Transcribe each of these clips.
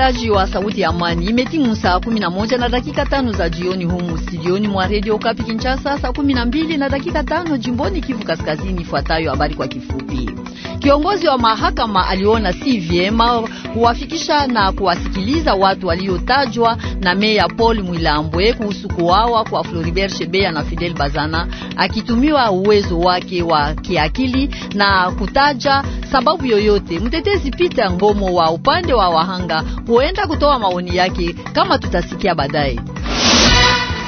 Msikilizaji wa Sauti ya Amani, imetimu saa kumi na moja na dakika tano za jioni humu studioni mwa Redio Kapi Kinshasa, saa kumi na mbili na dakika tano jimboni Kivu Kaskazini. Ifuatayo habari kwa kifupi. Kiongozi wa mahakama aliona si vyema kuwafikisha na kuwasikiliza watu waliotajwa na meya Paul Mwilambwe kuhusu kuawa kwa Floribert Chebeya na Fidel Bazana, akitumiwa uwezo wake wa kiakili na kutaja sababu yoyote. Mtetezi Peter Ngomo wa upande wa wahanga huenda kutoa maoni yake kama tutasikia baadaye.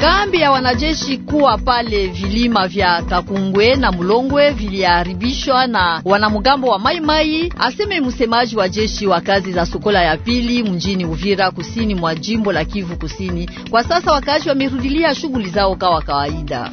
Kambi ya wanajeshi kuwa pale vilima vya Kakungwe na Mulongwe viliharibishwa na wanamgambo wa Maimai, aseme msemaji wa jeshi wa kazi za Sokola ya pili mjini Uvira, kusini mwa jimbo la Kivu Kusini. Kwa sasa wakazi wamerudilia shughuli zao kawa kawaida.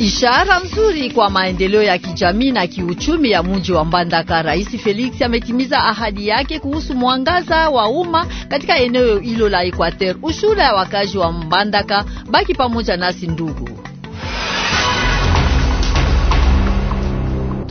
Ishara mzuri kwa maendeleo ya kijamii na kiuchumi ya mji wa Mbandaka. Rais Felix ametimiza ahadi yake kuhusu mwangaza wa umma katika eneo hilo la Equateur. Ushura ya wakazi wa Mbandaka, baki pamoja nasi ndugu.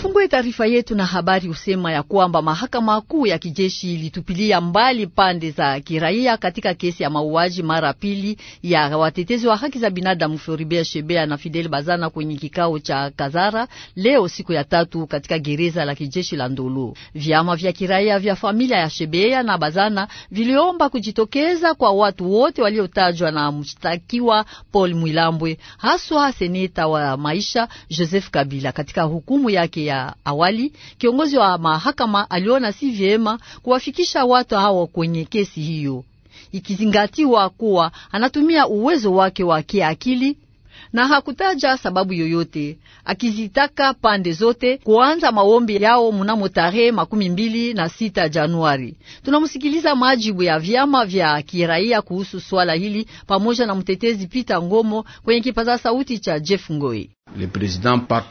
Tufungue taarifa yetu na habari husema ya kwamba mahakama kuu ya kijeshi ilitupilia mbali pande za kiraia katika kesi ya mauaji mara pili ya watetezi wa haki za binadamu Floribert Shebea na Fidel Bazana kwenye kikao cha Kazara leo siku ya tatu katika gereza la kijeshi la Ndolo. Vyama vya kiraia vya familia ya Shebea na Bazana viliomba kujitokeza kwa watu wote waliotajwa na mshtakiwa Paul Mwilambwe, haswa seneta wa maisha Joseph Kabila katika hukumu yake ya awali, kiongozi wa mahakama aliona si vyema kuwafikisha watu hao kwenye kesi hiyo, ikizingatiwa kuwa anatumia uwezo wake wa kiakili na hakutaja sababu yoyote, akizitaka pande zote kuanza maombi yao mnamo tarehe makumi mbili na sita Januari. Tunamusikiliza majibu ya vyama vya kiraia kuhusu swala hili pamoja na mtetezi Peter Ngomo kwenye kipaza sauti cha Jeff Ngoi.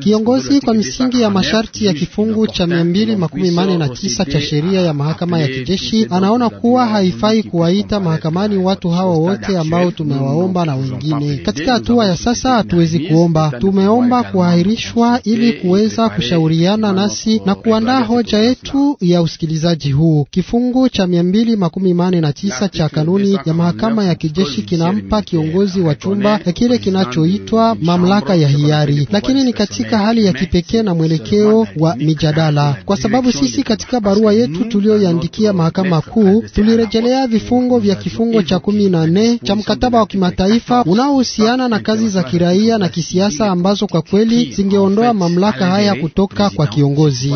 Kiongozi kwa misingi ya masharti ya kifungu cha mia mbili makumi mane na tisa cha sheria ya mahakama ya kijeshi anaona kuwa haifai kuwaita mahakamani watu hawa wote ambao tumewaomba na wengine. Katika hatua ya sasa hatuwezi kuomba, tumeomba kuahirishwa ili kuweza kushauriana nasi na kuandaa hoja yetu ya usikilizaji huu. Kifungu cha mia mbili makumi mane na tisa cha kanuni ya mahakama ya kijeshi kinampa kiongozi wa chumba ya kile kinachoitwa mamlaka ya hiari tayari, lakini ni katika hali ya kipekee na mwelekeo wa mijadala, kwa sababu sisi katika barua yetu tuliyoiandikia mahakama kuu tulirejelea vifungo vya kifungo cha kumi na nne cha mkataba wa kimataifa unaohusiana na kazi za kiraia na kisiasa ambazo kwa kweli zingeondoa mamlaka haya kutoka kwa kiongozi.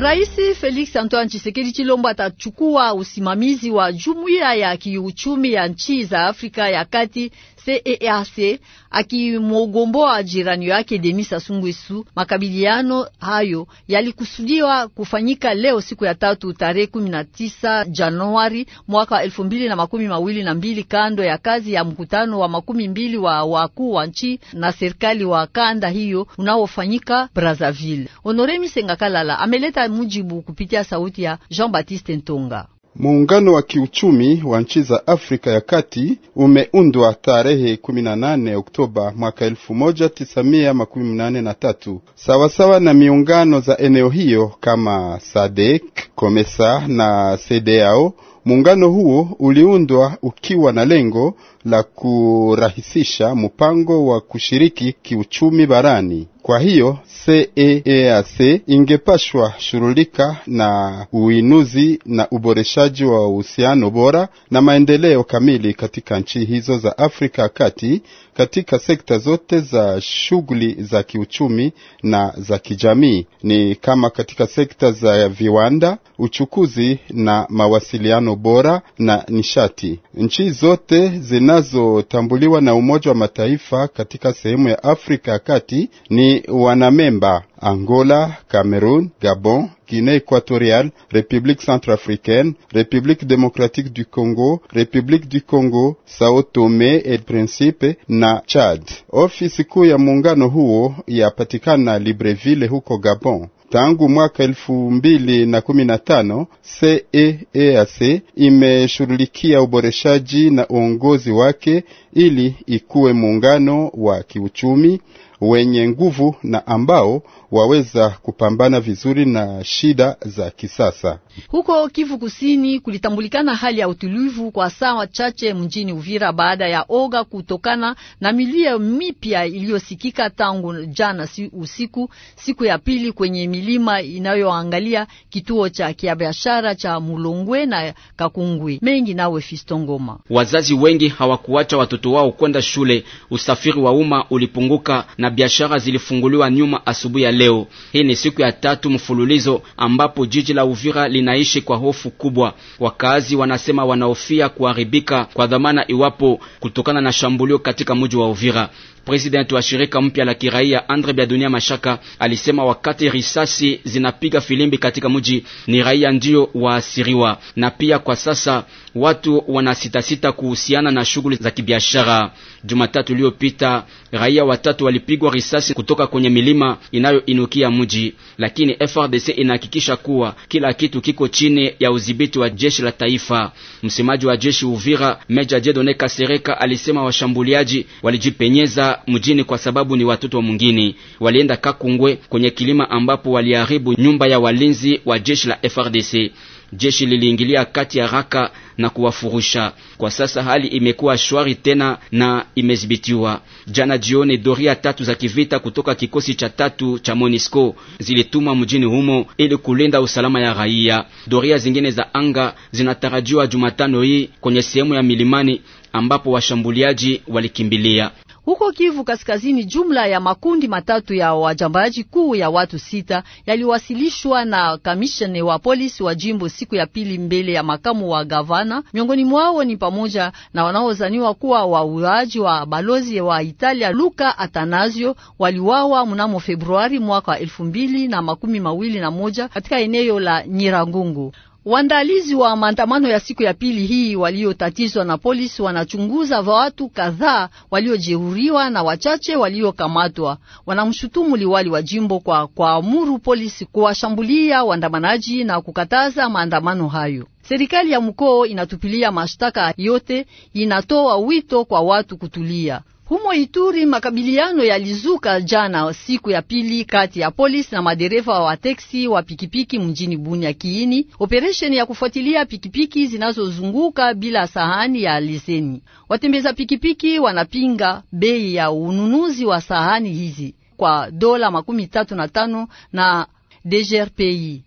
rais Felix Antoine Tshisekedi Chilombo atachukua usimamizi wa jumuiya ya kiuchumi ya nchi za Afrika ya Kati CEAC akimwogomboa jirani yake Denis Sassou Nguesso. Makabiliano hayo yalikusudiwa kufanyika leo siku ya tatu tarehe 19 Januari mwaka elfu mbili na makumi mawili na mbili kando ya kazi ya mkutano wa makumi mbili wa wakuu wa nchi na serikali wa kanda hiyo unaofanyika Brazzaville. Honoré Misenga Kalala ameleta mujibu kupitia sauti ya Jean-Baptiste Ntonga. Muungano wa kiuchumi wa nchi za Afrika ya Kati umeundwa tarehe 18 Oktoba mwaka 1983 sawasawa na miungano za eneo hiyo kama SADC, COMESA na CEDEAO. Muungano huo uliundwa ukiwa na lengo la kurahisisha mpango wa kushiriki kiuchumi barani. Kwa hiyo CEEAC e e ingepashwa shughulika na uinuzi na uboreshaji wa uhusiano bora na maendeleo kamili katika nchi hizo za Afrika kati katika sekta zote za shughuli za kiuchumi na za kijamii, ni kama katika sekta za viwanda, uchukuzi na mawasiliano bora na nishati. Nchi zote zina zinazotambuliwa na Umoja wa Mataifa katika sehemu ya Afrika ya Kati ni wanamemba Angola, Cameroon, Gabon, guinea equatorial republique centrafricaine, République democratique du Congo, republique du Congo, Sao Tome et Principe na Chad. Ofisi kuu ya muungano huo yapatikana Libreville huko Gabon. Tangu mwaka elfu mbili na kumi na tano CEEAC imeshughulikia uboreshaji na uongozi wake ili ikuwe muungano wa kiuchumi wenye nguvu na ambao waweza kupambana vizuri na shida za kisasa. Huko Kivu Kusini kulitambulikana hali ya utulivu kwa saa chache mjini Uvira baada ya oga kutokana na milio mipya iliyosikika tangu jana usiku, siku ya pili kwenye milima inayoangalia kituo cha kibiashara cha Mulongwe na Kakungwi. Mengi nawe Fistongoma. Wazazi wengi hawakuacha watoto wao kwenda shule, usafiri wa umma ulipunguka na na biashara zilifunguliwa nyuma asubuhi ya leo. Hii ni siku ya tatu mfululizo ambapo jiji la Uvira linaishi kwa hofu kubwa. Wakazi wanasema wanaofia kuharibika kwa dhamana iwapo kutokana na shambulio katika mji wa Uvira. Presidenti wa shirika mpya la kiraia Andre Biadunia Mashaka alisema wakati risasi zinapiga filimbi katika mji ni raia ndio waasiriwa, na pia kwa sasa watu wanasitasita kuhusiana na shughuli za kibiashara. Jumatatu iliyopita raia watatu walipigwa risasi kutoka kwenye milima inayoinukia mji, lakini FRDC inahakikisha kuwa kila kitu kiko chini ya udhibiti wa jeshi la taifa. Msemaji wa jeshi Uvira, Meja Jedone Kasereka alisema washambuliaji walijipenyeza mjini kwa sababu ni watoto wa mwingine. Walienda Kakungwe kwenye kilima ambapo waliharibu nyumba ya walinzi wa jeshi la FRDC. Jeshi liliingilia kati ya raka na kuwafurusha. Kwa sasa hali imekuwa shwari tena na imezibitiwa. Jana jioni, doria tatu za kivita kutoka kikosi cha tatu cha MONUSCO zilitumwa mjini humo ili kulinda usalama ya raia. Doria zingine za anga zinatarajiwa Jumatano hii kwenye sehemu ya milimani ambapo washambuliaji walikimbilia. Huko Kivu Kaskazini, jumla ya makundi matatu ya wajambaji kuu ya watu sita yaliwasilishwa na kamishene wa polisi wa jimbo siku ya pili mbele ya makamu wa gavana. Miongoni mwao ni pamoja na wanaozaniwa kuwa wauaji wa balozi wa Italia Luka Atanasio, waliwawa mnamo Februari mwaka wa elfu mbili na makumi mawili na moja katika eneo la Nyirangungu. Waandalizi wa maandamano ya siku ya pili hii waliotatizwa na polisi wanachunguza watu kadhaa waliojeruhiwa na wachache waliokamatwa. Wanamshutumu liwali wa jimbo kwa kuamuru polisi kuwashambulia waandamanaji na kukataza maandamano hayo. Serikali ya mkoo inatupilia mashtaka yote, inatoa wito kwa watu kutulia. Humo Ituri makabiliano yalizuka jana siku ya pili kati ya polisi na madereva wa teksi wa pikipiki mjini Bunia kiini operesheni ya kufuatilia pikipiki zinazozunguka bila sahani ya leseni. Watembeza pikipiki wanapinga bei ya ununuzi wa sahani hizi kwa dola makumi tatu na tano na DGRPI.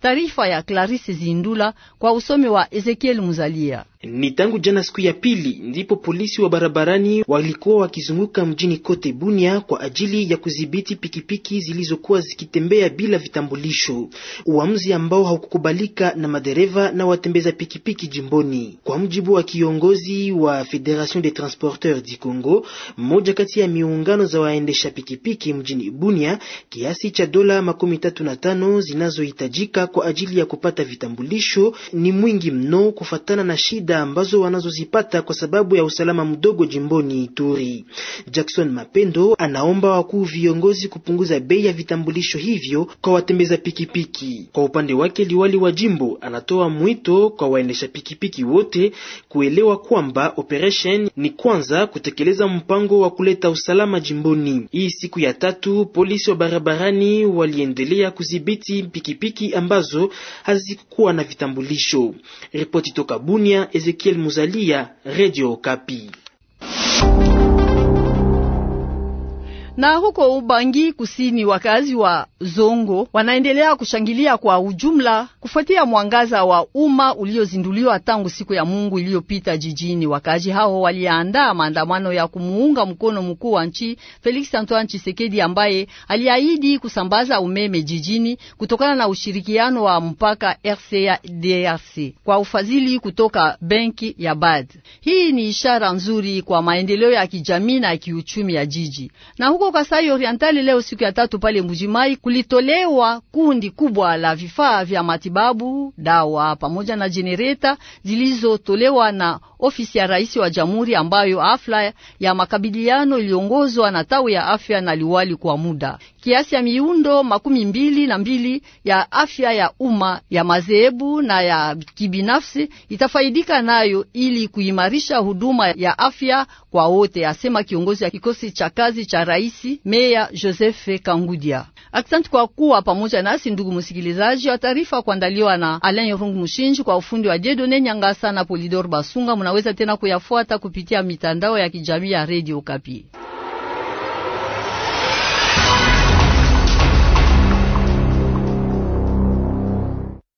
Taarifa ya Clarisse Zindula kwa usomi wa Ezekiel Muzalia. Ni tangu jana siku ya pili ndipo polisi wa barabarani walikuwa wakizunguka mjini kote Bunia kwa ajili ya kudhibiti pikipiki zilizokuwa zikitembea bila vitambulisho, uamuzi ambao haukukubalika na madereva na watembeza pikipiki jimboni. Kwa mjibu wa kiongozi wa Federation des Transporteurs du Congo, mmoja kati ya miungano za waendesha pikipiki mjini Bunia, kiasi cha dola makumi tatu na tano zinazohitajika kwa ajili ya kupata vitambulisho ni mwingi mno kufatana na shida faida ambazo wanazozipata kwa sababu ya usalama mdogo jimboni Ituri. Jackson Mapendo anaomba wakuu viongozi kupunguza bei ya vitambulisho hivyo kwa watembeza pikipiki. Kwa upande wake, liwali wa jimbo anatoa mwito kwa waendesha pikipiki wote kuelewa kwamba operation ni kwanza kutekeleza mpango wa kuleta usalama jimboni. Hii siku ya tatu polisi wa barabarani waliendelea kudhibiti pikipiki ambazo hazikuwa na vitambulisho. Ripoti toka Bunia. Ezekiel Muzalia, Radio Kapi. Na huko Ubangi Kusini, wakazi wa Zongo wanaendelea kushangilia kwa ujumla kufuatia mwangaza wa umma uliozinduliwa tangu siku ya Mungu iliyopita jijini. Wakazi hao waliandaa maandamano ya kumuunga mkono mkuu wa nchi Felix Antoine Tshisekedi ambaye aliahidi kusambaza umeme jijini kutokana na ushirikiano wa mpaka RCA DRC kwa ufadhili kutoka benki ya BAD. Hii ni ishara nzuri kwa maendeleo ya kijamii na kiuchumi ya jiji na huko huko Kasai Orientali leo siku ya tatu pale Mbujimayi kulitolewa kundi kubwa la vifaa vya matibabu, dawa pamoja na jenereta zilizotolewa na ofisi ya rais wa jamhuri, ambayo afla ya makabiliano iliongozwa na tawi ya afya na liwali kwa muda. Kiasi ya miundo makumi mbili na mbili ya afya ya umma ya madhehebu na ya kibinafsi itafaidika nayo ili kuimarisha huduma ya afya kwa wote, asema kiongozi ya kikosi cha kazi cha rais meya Joseph Kangudia. Aksanti kwa kuwa pamoja nasi, ndugu msikilizaji wa taarifa, kuandaliwa na Alain rung Mushinji kwa ufundi wa Jedone Nyangasa na Polidor Basunga. Munaweza tena kuyafuata kupitia mitandao ya kijamii ya Radio Kapi.